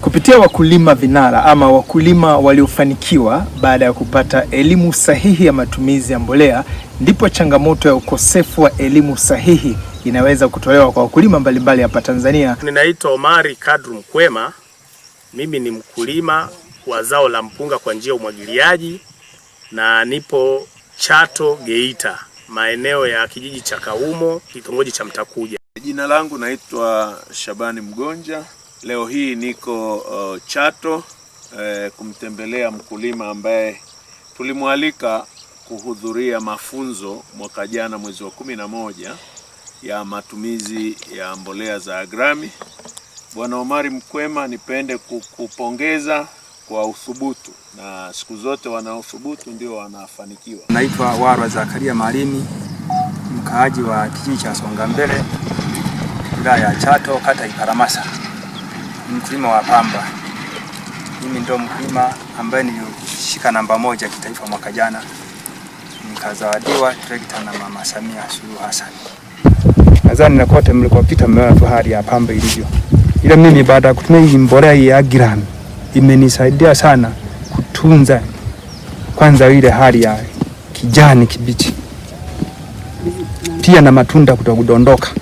Kupitia wakulima vinara ama wakulima waliofanikiwa baada ya kupata elimu sahihi ya matumizi ya mbolea, ndipo changamoto ya ukosefu wa elimu sahihi inaweza kutolewa kwa wakulima mbalimbali hapa Tanzania. Ninaitwa Omari Kadru Mkwema, mimi ni mkulima wa zao la mpunga kwa njia ya umwagiliaji na nipo Chato Geita, maeneo ya kijiji cha Kaumo, kitongoji cha Mtakuja. Jina langu naitwa Shabani Mgonja. Leo hii niko uh, Chato eh, kumtembelea mkulima ambaye tulimwalika kuhudhuria mafunzo mwaka jana mwezi wa kumi na moja ya matumizi ya mbolea za Agrami. Bwana Omari Mkwema, nipende kukupongeza kwa uthubutu, na siku zote wanaothubutu ndio wanafanikiwa. Naitwa Warwa Zakaria marini mkaaji wa kijiji cha Songa Mbele, wilaya ya Chato, kata Iparamasa mkulima wa pamba. Mimi ndo mkulima ambaye nilishika namba moja kitaifa mwaka jana, nikazawadiwa trekta na Mama Samia Suluhu Hassan. Nadhani na kote mlikopita mmeona tu hali ya pamba ilivyo, ila mimi baada ya kutumia hii mbolea ya Agram imenisaidia sana kutunza kwanza ile hali ya kijani kibichi, pia na matunda kutokudondoka